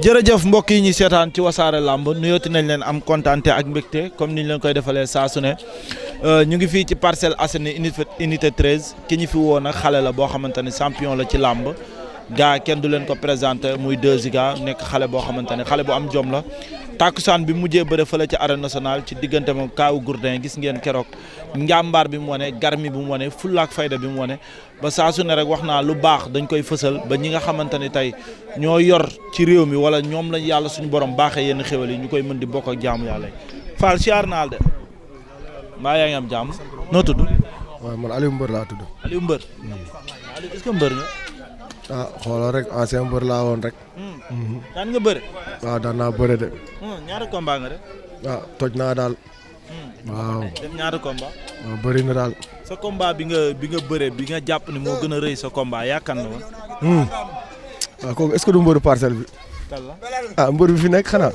jërëjëf mbokk yi ñu seetaan ci wasaare làmb nuyooti nañ leen am kontaan ak mbégte comme ni ñu leen koy defalee saasune su euh, ñu ngi fii ci parcelle Assainies unité unité ki ñu fi woon nag xale la boo xamante ne champion la ci làmb gaa kenn du leen ko présenté muy 2 Giga nekk xale boo xamante ne xale bu am jom la tàkkusaan bi mujjee bëre fële ci arène nationale ci diggante moom kaawu Gourdin gis ngeen keroog njàmbaar bi mu wane garmi bi mu wane fullaak fayda bi mu wane ba saa su ne rek wax naa lu baax dañ koy fësal ba ñi nga xamante ne tey ñoo yor ci réew mi wala ñoom lañ yàlla suñu borom baaxee yenn xéwal yi ñu koy mën di bokk ak jaamu yàlla yi Fall siyaar naa de mbaa yaa ngi am jàmm noo tudd. waaw man laa tudd. Aliou Mbër. Hmm. ah xoolal rek ancien mbër laa woon rek. Hmm. Mhm. daan nga bëre. waaw ah, daan naa bëre de. Hmm, ñaari combat nga def. ah toj naa daal. Hmm. waaw def ñaari combat. Ah, daal. sa combat bi nga bi nga bëre bi nga jàpp ni moo gën a rëy sa combat yaakaar na woon. waaw ah, kooku est-ce du mbëru parcelle bi. ah mbër bi fi nekk xanaa.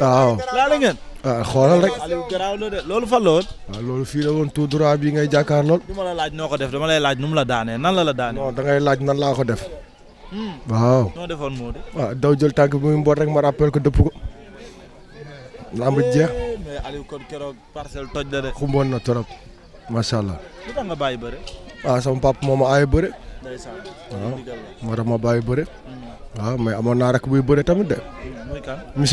waaw laale ngeen. waaw ah, xoolal rek Aliou garaaw loolu fan la waaw ah, loolu fii la woon tout droit bi ngay jàkkaar lool. du la laaj noo ko def dama lay laaj nu la daanee nan la la daanee. non da ngay laaj nan laa ko def. Hmm. waaw. noo defoon moo ah, daw jël tànk bi muy mboot rek ma rappel ko dëpp ko. lamb jeex. Eh, parcelle toj la xumboon na trop macha allah. lu tax nga bàyyi bëre. waaw sama papa moo ma aaye bëre. waaw moo tax ma bàyyi bëre. waaw hmm. mais amoon naa rek buy bëre tamit de. Hmm, muy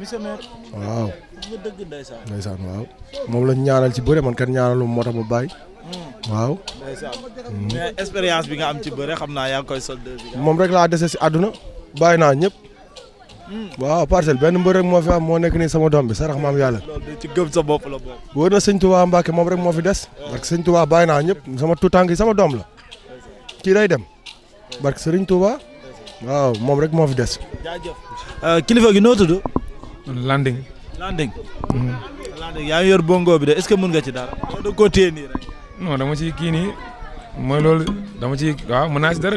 monsieur maire waaw nga dëgg ndeysaan ndeysaan waaw moom la ñaanal ci bëre man kat ñaanalu moo tax ma bàyyi hmm. waaw hmm. mais expérience bi nga am ci bëre xam naa yaa ngi koy solde moom rek laa dese si àdduna bàyyi naa ñëpp hmm. waaw parcel benn mbër rek moo fi am moo nekk nii sama doom bi sarax maam yàlla. ci gëm sa bopp la bokk. wóor na sëñ Touba Mbacke moom rek moo fi des. Oh. barke sëñ Touba bàyyi naa ñëpp sama tuutànk yi sama doom la. kii day dem. barke sëriñ Touba. waaw moom rek moo fi des. jaajëf euh, kilifa noo tudd. landing. landing. landing yaa ngi yor bongo bi de est-ce que mën nga ci dara. da ko téye nii rek. non dama ci kii nii mooy loolu dama ci waaw mën naa ci dara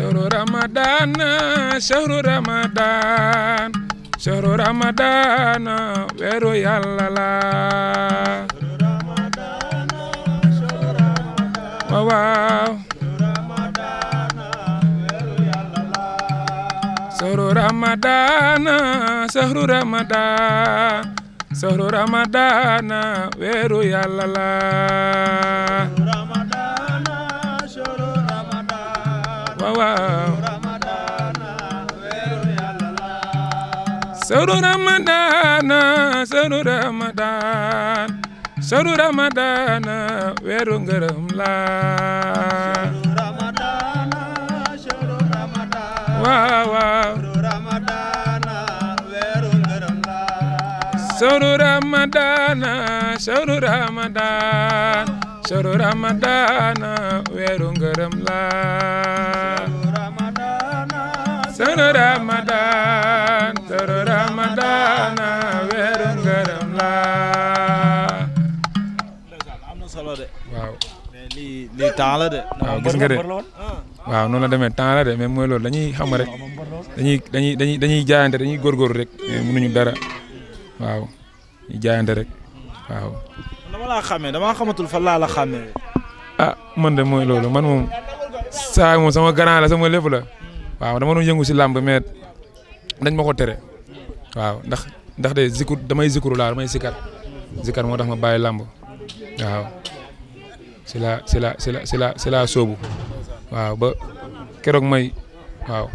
shahru ramadan shahru ramadan weeru yàlla yàlla la waaw sëru ramadaan sëru ramadaan sëru ramadaan weeru ngërëm la waaw waaw sëru ramadaan sëru ramadaan soro ramadana weeru ngërëm la soro waaw lii la de waaw nga de ah. waaw noonu la demee temps mais mooy loolu dañuy xam rek dañuy dañuy dañuy dañuy jaayante dañuy góorgóorlu rek mais dara waaw jaayante rek waaw laa xàmmee damaa xamatul fan laa la ah, man de mooy loolu man moom saa moom sama grand la sama lépp la waaw dama doon yëngu si làmb mais dañ ma ko tere waaw ndax ndax de zikur damay zikuru laa damay sikar sikar moo tax ma bàyyi làmb waaw si la si la si soobu waaw ba keroog may waaw.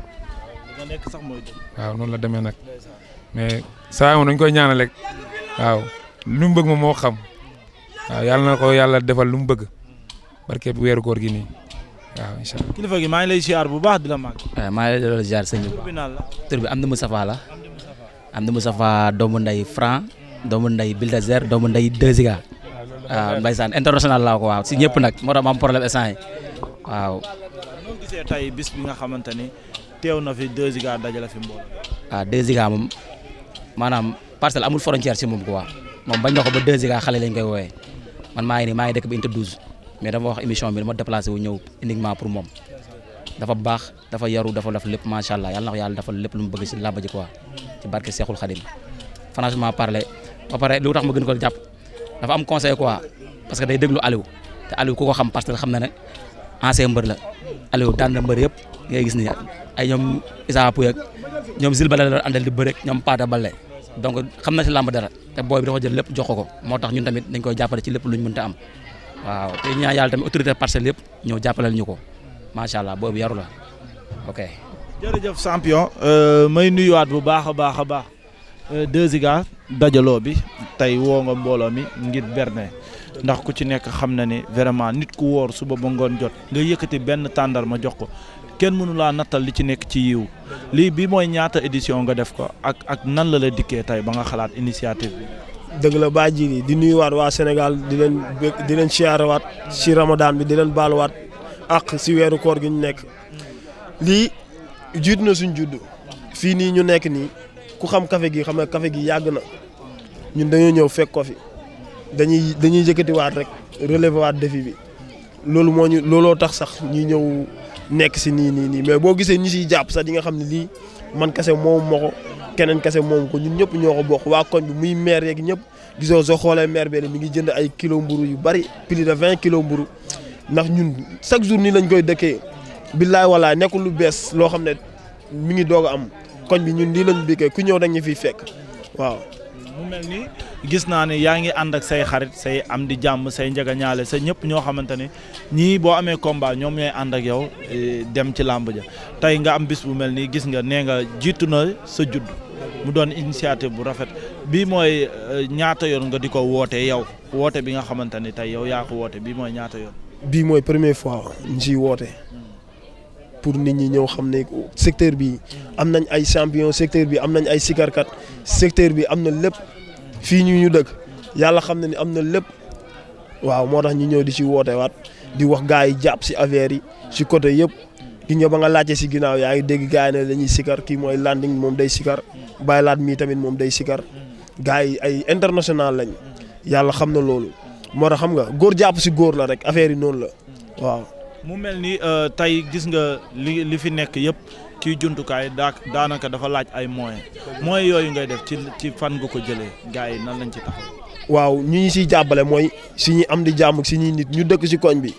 noonu la demee nag mais saa moom dañ koy ñaanal rek waaw lu bëgg moom moo xam. waaw yàlla na ko yàlla defal lu mu bëgg barke bu weeru koor gi nii waaw incha allah. kilifa gi maa ngi lay ziar bu baax di la màgg. waaw eh, maa ngi lay delloo ziar sëñ bi tur bi Amdi Moustapha la Amdi Moustapha doomu nday Franc doomu nday Bulldozer doomu nday Deziga waaw mbaysaan international laa ko waaw si ñëpp nag moo tax ma am problème instant yi waaw. tey bis bi nga xamante ni teew na fi Deziga dajale fi mbooloo. waaw ah, Deziga moom maanaam parcelle amul frontière si moom quoi moom bañ na ko ba Deziga xale lañ koy woowee. man maa ngi nii maa ngi dëkk ba unité 12 mais dama wax émission bi dama déplacé wu ñëw uniquement pour moom dafa baax dafa yaru dafa def lépp macha allah yàlla na ko yàlla dafa lépp lu mu bëgg si làmb ji quoi ci barke Seexul Xadim franchement parler ba pare lu tax ma gën ko jàpp dafa am conseil quoi parce que day déglu Aliou te Aliou ku ko xam parce que xam na ne ancien mbër la Aliou daan na mbër yëpp ngay gis ni ay ñoom Issa Pouye ñoom Zil Balla la doon àndal di bëre ñoom Paata donc xam na si làmb dara te booy bi dafa jël lépp jox ko ko moo tax ñun tamit dañ koy jàppale ci lépp luñ mën ta am waaw te ñaan yàlla tamit autorité parcelle yëpp ñëw jàppaleel ñu ko macha allah booy bi yaru la ok. jërëjëf champion euh, may nuyuwaat bu baax a baax a baax. Euh, deux Ziga dajaloo bi tey woo nga mbooloo mi ngir berne ndax ku ci nekk xam na ne vraiment nit ku woor suba ba ngoon jot nga yëkkati benn tàndar ma jox ko kenn mënu laa nattal li ci nekk ci yiw lii bi mooy ñaata édition nga def ko ak ak nan la la dikkee tey ba nga xalaat initiative bi. dëgg la baa ji di nuyuwaat waa senegal di leen di leen siyaarewaat si Ramadan bi di leen baaluwaat ak si weeru koor gi ñu nekk lii jiitu na suñ judd fii nii ñu nekk nii ku xam café gi xam ne café gi yàgg na ñun dañoo ñëw fekk ko fi dañuy dañuy yëkkatiwaat rek relever waat défi bi loolu moo ñu looloo tax sax ñuy ñëw. nekk si nii nii nii mais boo gisee ñi siy jàpp sax di nga xam ne lii man kese moom moo ko keneen kese moom ko ñun ñëpp ñoo ko bokk waa koñ bi muy maire yeeg ñëpp gisoo soo xoolee maire bi mi ngi jënd ay kilo mburu yu bari plus de vingt kilo mburu ndax ñun chaque jour nii lañ koy dëkkee billaay walaay nekkul lu bees loo xam ne mi ngi doog am koñ bi ñun lii lañ bikkee ku ñëw dañ ñu fiy fekk waaw mu mel ni gis naa ne yaa ngi ànd ak say xarit say am di jàmm say ñaale sa ñëpp ñoo xamante ne ñii boo amee combat ñoom ñooy ànd ak yow eh, dem ci làmb ja tey nga am bis bu mel nii gis nga nee nga jiitu na sa judd mu doon initiative bu rafet bii mooy eh, ñaata yoon nga di ko woote yow woote bi nga xamante ni tey yow yaa ko woote bii mooy ñaata yoon. bii mooy première fois ñu woote. pour nit ñi ñëw xam ne secteur bi am nañ ay champion secteur bi am nañ ay sikarkat secteur bi am na lépp fii ñu ñu dëkk yàlla xam na ni am na lépp waaw moo tax ñu ñëw di ci woote waat di wax gars yi jàpp si affaire yi si côté yëpp gi ñëw ba nga laajte si ginnaaw yaa ngi dégg gars yi ne dañuy sikar kii mooy landing moom day sikar bàyyi laat mii tamit moom day sikar gars yi ay international lañ yàlla xam na loolu moo tax xam nga góor jàpp si góor la rek affaire yi noonu la waaw mu mel ni euh, tey gis nga li li fi nekk yëpp ci jumtukaay daa daanaka dafa laaj ay moyens moyens yooyu ngay def ci ci fan nga ko jëlee gars yi nan lañ ci taxaw. waaw ñu ñu siy jàppale mooy si ñu am di jàmm si ñu nit ñu dëkk si koñ bi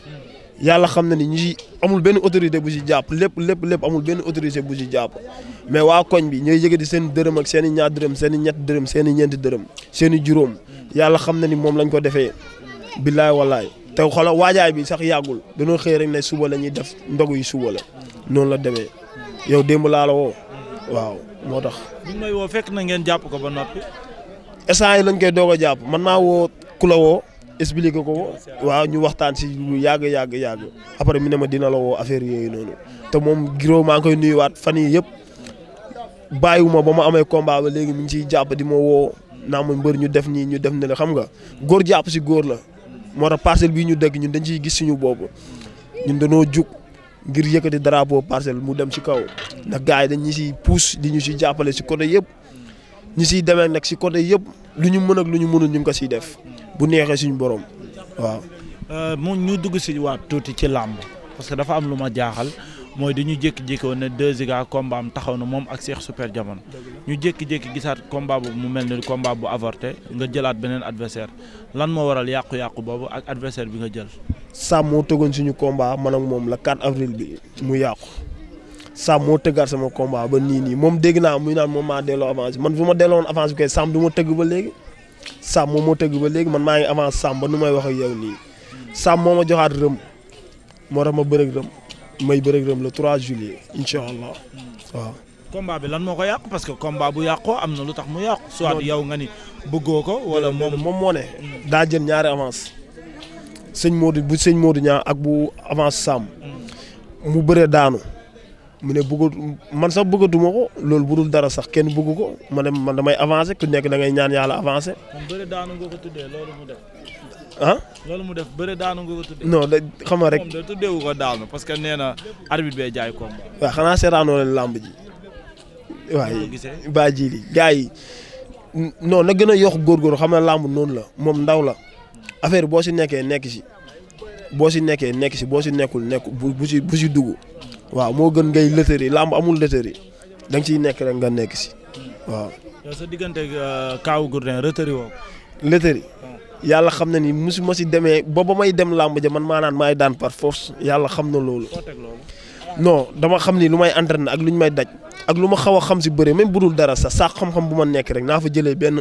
yàlla xam na ni ñu si amul benn autorité bu si jàpp lépp lépp lépp amul benn autorité bu si jàpp mais waa koñ bi ñooy di seen dërëm ak seen i ñaar dërëm seen i ñett dërëm seen i ñeenti dërëm seen juróom yàlla xam na ni moom lañ ko defee billaay wallaay. te xolo waajaay bi sax yàggul dañoo xëy rek ne suba la ñuy def ndogu yi suba la noonu la demee yow démb laa la woo waaw moo tax. bi may woo fekk na ngeen jàpp ko ba noppi. instant yi lañ koy doog a jàpp man maa woo ku la ko waaw ñu waxtaan si lu yàgg yàgg yàgg après mu ne ma dina la woo affaire yooyu noonu te moom giroo maa ngi koy nuyuwaat fan yii yëpp bàyyiwuma ba mu amee combat léegi mu ngi ciy jàpp di ma woo naa ma mbër ñu def nii ñu def ne la xam nga góor jàpp si góor la. moo tax parcelle bii ñu dëkk ñun dañ ciy gis suñu boobu ñun dañoo jug ngir yëkkati drapeau parcelle mu dem ci kaw ndax gars yi dañ ñi siy pousse di ñu si jàppale si côté yëpp ñu siy demee nag si côté yëpp lu ñu mën ak lu ñu mënul ñu ngi ko siy def bu neexee suñu borom waaw. Euh, mu ñu dugg si waat tuuti ci làmb parce que dafa am lu ma jaaxal. mooy dañu jékki-jékki woon ne 2 Giga combat am taxaw na moom ak Cheikh Super Diamono ñu jékki-jékki gisaat combat boobu mu mel ni combat bu avorté nga jëlaat beneen adversaire lan moo waral yàqu-yàqu boobu ak adversaire bi nga jël. Sam moo tëggoon suñu combat man ak moom la 4 avril bi mu yàqu Sam moo tëggaat sama combat ba nii nii moom dégg naa muy naan moom maa delloo avance man bu ma delloo avance bi kay Sam du ma tëgg ba léegi Sam moom moo tëgg ba léegi man maa ngi avance Sam ba nu may wax ak nii Sam moo ma joxaat rëm moo tax ma bërëg rëm. may bëre Reug le trois juillet incha allah waaw. combat bi lan moo ko yàq parce que combat bu yàqoo am na lu tax mu yàq. soit yow nga ni bëggoo ko wala moom moom moo ne. daa jël ñaari avance sëñ Modou bu sëñ Modou ñaa ak bu avance Sam. mu bëree daanu. mu ne bëggu man sax bëggatuma ko loolu bu dul dara sax kenn bugg ko ma dem man damay avancer ku nekk da ngay ñaan yàlla avancer. kon bëri daanu ah. loolu mu def bëre daanu nga ko tuddee. xam nga rek moom da tuddeewu ko daanu parce que nee na jaay combat. waaw xanaa seetaanoo leen làmb ji. waaye baa ji li gars yi non na gën a yokk góorgóorlu xam ne làmb noonu la moom ndaw la affaire boo si nekkee nekk si boo si nekkee nekk si boo si nekkul nekk bu bu si bu si dugg waaw moo gën ngay lëtëri làmb amul lëtëri da nga ciy nekk rek nga nekk si waaw. sa diggante euh, Kaawu Gourdin lëtëri woo. lëtëri. Ah. yàlla xam na ni musuma si demee ba ba may dem làmb ja man maa naan maa yi daan par force yàlla xam na loolu. noo dama xam ni lu may entraîné ak lu ñu may daj ak lu ma xaw a xam si bëre même bu dul dara sax sax xam-xam bu ma nekk rek naa fa jëlee benn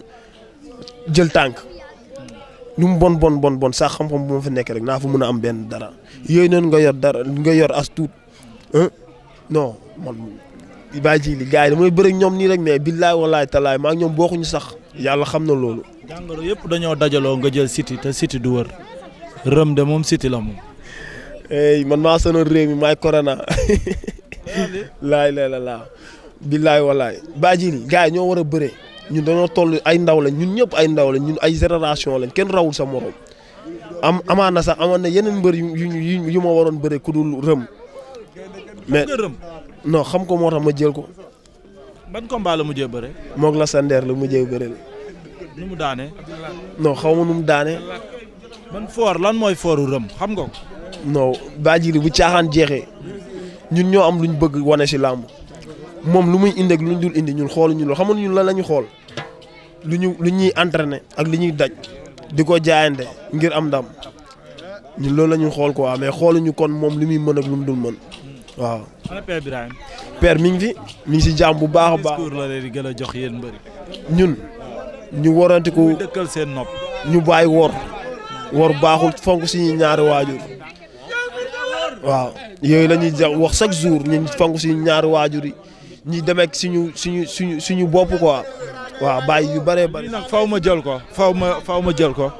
jël tànk lu bon bon bon bon sax xam-xam bu nekk rek naa fa mën a am benn dara yooyu noonu nga yor dara nga yor as tuut non man baa ji li gars yi damay bëre ñoom nii rek mais billaay walaay talaay maa ngi ñoom bokkuñu sax yàlla xam na loolu. jàngoro yëpp dañoo dajaloo nga jël City te City du wër rëm de moom City la moom. ey man maa sonal réew mi maay corona. laay la la laa billaay walaay baajil gars ñoo war a bëree ñun dañoo toll ay ndaw lañ ñun ñëpp ay ndaw lañ ñun ay génération lañ kenn rawul sa morom am amaan na sax amoon na yeneen mbër yu yu yu ma waroon bëree ku dul rëm. mais noo xam ko moo tax ma jël ko. ban combat la mujjee bëre. moog la sandeer la mujjee bëre la. nu mu daane. non xaw ma nu mu daane. man foor lan mooy fooru rëm xam nga ko. non Badjili bu caaxaan jeexee ñun ñoo am lu ñu bëgg wane si làmb moom lu muy indi ak lu ñu dul indi ñun xooluñu loolu xam ñun lan la ñu xool lu ñu lu ñuy entraîné ak li ñuy daj di ko jaayante ngir am ndam loolu la ñu xool quoi mais xooluñu kon moom li muy mën ak lu mu dul mën waaw. ana père mi ngi fi mi ngi si jàmm bu baax a baax. di gën a jox yéen mbëri. ñun ñu warantiku dëkkal seen nopp ñu bàyyi wor wor baaxul fonk suñuy ñaari waajur waaw yooyu lañuy ñuy wax chaque jour ñu fonk suñu ñaari waajur yi ñuy demek suñu suñu suñu suñu bopp ko waaw baay yu bëree bëri nag faw ma jël ko faw ma faw ma jël ko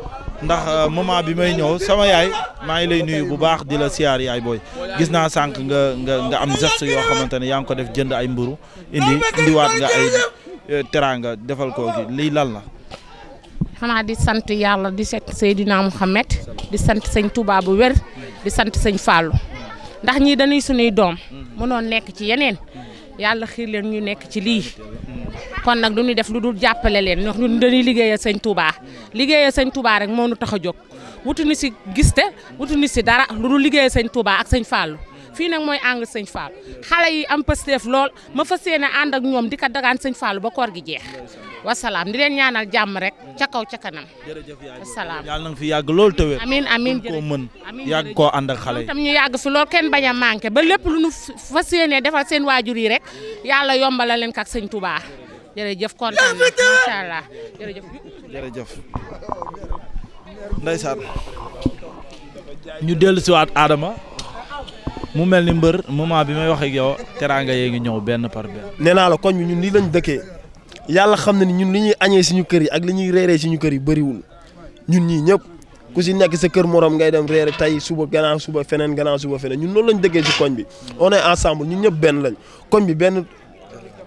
ndax euh, moment bi may ñëw sama yaay maa ngi lay nuyu bu baax di la siyaar yaay booy gis naa sànq nga nga nga am geste yoo xamante ne yaa ngi ko def jënd ay mburu indi indiwaat nga ay Euh, teraanga defal ko gi lii lan la. xanaa di sant yàlla di sant Seydina Mouhamed di sant sañ tubaa bu wér di sant sañ Fallou ndax ñii dañuy sunuy doom mënoon nekk ci yeneen yàlla xiir leen ñu nekk ci lii kon nag du def lu dul jàppale leen ñox ñun dañuy liggéeyal sëñ Touba liggéeyal sëñ Touba rek moo nu tax a jóg wutuñu si giste te wutuñu si dara lu dul liggéeyal sañ Touba ak sañ Fallou. fii nag mooy ànd sëñ Fall xale yi am pësteef lool ma fa yéene ànd ak ñoom di ka dagaan sëñ Fall ba koor gi jeex wasalaam di leen ñaan ñaanal jàmm rek ca kaw ca kanam. jërëjëf yaay wasalaam na fi yàgg lool te wér. amiin amiin jërëjëf mën yàgg koo ànd ak xale yi. tam ñu yàgg fi lool kenn bañ a manqué ba lépp lu nu fas yéene defal seen waajur yi rek yàlla yombala leen kak sëñ Touba jërëjëf kontaan na jërëjëf. jërëjëf ndeysaan ñu dellu siwaat Adama. mu mel ni mbër moment bi may wax ak yow teraanga yee ngi ñëw benn par benn. nee naa la koñ bi ñun lii lañ dëkkee yàlla xam na ni ñun li ñuy añee suñu kër yi ak li ñuy reeree suñu kër yi bëriwul ñun ñii ñëpp ku si nekk sa kër morom ngay dem reere tey suba gannaaw suba feneen gannaaw suba feneen ñun loolu lañ dëkkee si koñ bi. on est ensemble ñun ñëpp benn lañ koñ bi benn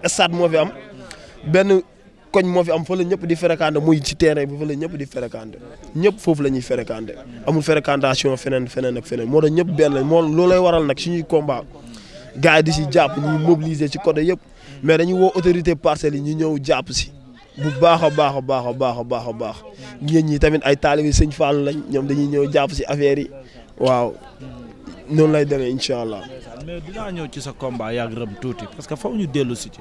stade moo fi am benn. koñ moo fi am fa la ñëpp di fréquenter muy ci terrain bi fa ñëpp di fréquenter ñëpp foofu lañuy ñuy amul fréquentation feneen feneen ak feneen moo tax ñëpp benn la moo loolay waral nag suñuy combat gars yi di si jàpp ñuy mobiliser ci côté yëpp mais dañuy woo autorité parcelles yi ñu ñëw jàpp si bu baax a baax a baax a baax a baax a baax ngeen ñi tamit ay taalibe sëñ Fall lañ ñoom dañuy ñëw jàpp si affaire yi waaw noonu lay demee incha allah. mais dinaa ñëw ci sa combat yàgg rëm tuuti parce que faw ñu dellu si ci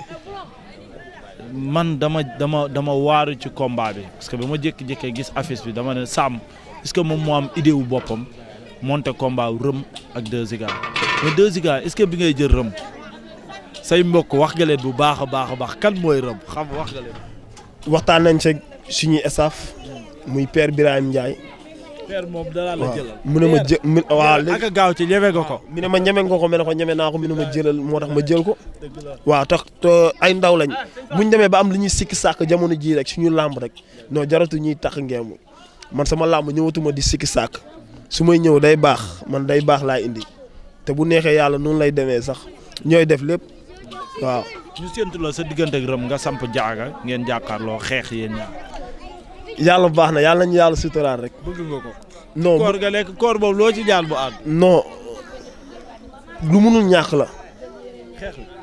man dama dama dama waaru ci combat bi parce que ba ma jékki-jékkee gis affiche bi dama ne Sam est-ce que moom moo am idée wu boppam moonte combat wu rëm ak 2 Ziga mais 2 Ziga est-ce que bi ngay jël rëm say mbokk wax nga bu baax a baax a baax kan mooy rëm xam wax nga leen. waxtaan nañ ci suñuy staff muy père Birahim Ndiaye. père moom dara la jëlal mu ne ma jë mu waaw léegi gaaw ci ñeme ko mu ne ma ñeme nga ko me ne ko ñeme naa ko mu ne ma jëlal moo tax ma jël ko waaw tax to ay ndaw lañ buñ demee ba am li ñuy sikki sàkk jamono jii rek su suñu làmb rek noo jaratu ñuy tax ngeemu man sama làmb ñëwatuma di sikki sàkk su may ñëw day baax man day baax laa indi te bu neexee yàlla noonu lay demee sax ñooy def lépp waaw ñu séntu la sa diggante ak nga samp jaaga ngeen jàkkaarloo xeex yéen yàlla baax na yàlla nañu yàlla suturaal rek. bëgg nga ko. non koor nga lekk koor boobu loo ci jaan bu àgg. non lu munul la.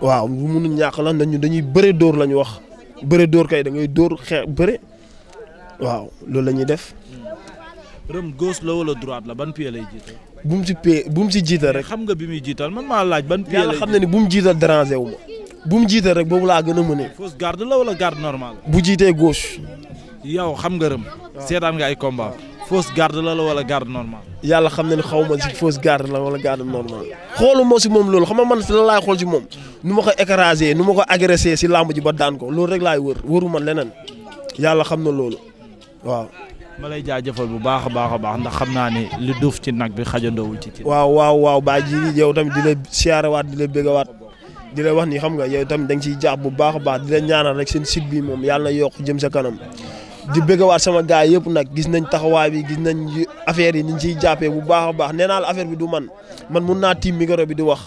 waaw lu munul ñàkk la dañu dañuy bëre dóor la ñu wax. bëre dóor kay da dóor xeex bëre. waaw loolu la ñuy def. Hmm. rëm gauche la wala droite ban pied lay jiital. bu mu si bu mu si jiital rek. xam nga bi muy jiital man maa laaj ban. pied xam na ni bu mu jiital déranger wu ma. bu mu jiital rek boobu laa gën a mënee. fausse garde la wala garde normale. bu jiitee gauche. yow xam nga rëm. seetaan nga ay combat fausse garde la la wala garde normal. yàlla xam na ne xaw ma si fausse garde la wala garde normal xooluma si moom loolu xam nga man si lan laay xool ma ko écrasé nu ma ko agressé si làmb ji ba daan ko loolu rek laay wër wëru man leneen yàlla xam na loolu waaw. ma lay jaajëfal bu baax a baax a baax ndax xam naa ni li duuf ci nag bi xajandoowul ci. ci waaw waaw waaw baa ji yow tamit di la waat di la waat di la wax nii xam nga yow tamit da ciy jaax bu baax a baax di la ñaanal rek seen site bi moom yàlla na yokk jëm sa kanam di waat sama gaay yëpp nag gis nañ taxawaay bi gis nañ affaire yi niñ ciy jàppee bu baax a baax nee naa la affaire bi du man man mun naa tiim micro bi di wax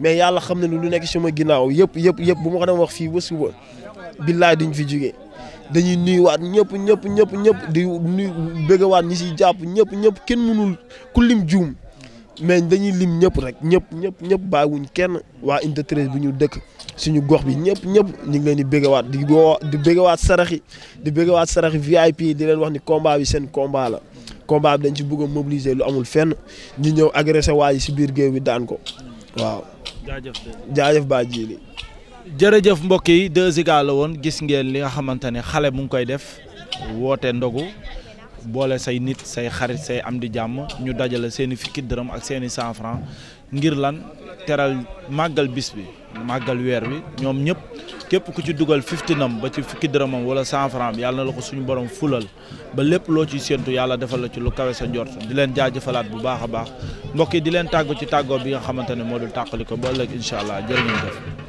mais yàlla xam ne lu nekk sama ginnaaw yëpp yëpp yëpp bu ma ko doon wax fii ba suba billaay duñ fi jóge dañuy nuyuwaat ñëpp ñëpp ñëpp ñëpp di nuyu waat ñi ciy jàpp ñëpp ñëpp kenn mënul ku lim juum mais dañuy lim ñëpp rek ñëpp ñëpp ñëpp bàyyiwuñ kenn waa unité 13 bi ñu dëkk suñu gox bi ñëpp ñëpp ñu ngi leen di bëggewaat di woo di bëggewaat saraxi di waat saraxi VIP di leen wax ni combat bi seen combat la komba bi dañ ci bëgg a mobiliser lu amul fenn ñu ñëw agressé waa yi si biir géew bi daan ko waaw. jaajëf jaajëf baa jiili. jërëjëf mbokk yi 2 la woon gis ngeen li nga xamante ne xale mu ngi koy def woote ndogu. boole say nit say xarit say am di jàmm ñu dajale seen i fukki dërëm ak seeni i cent franc ngir lan teral màggal bis bi màggal weer wi ñoom ñëpp képp ku ci dugal fiftinam ba ci fukki dërëmam wala cent franc bi yàlla na la ko suñu borom fulal ba lépp loo ciy séentu yàlla defal la ci lu kawe sa njort di leen jaajëfalaat bu baax a baax mbokki di leen tàggu ci tàggoo bi nga xamante ne moo dul tàqali ko ba ëllëg incha allah jërë ngeen def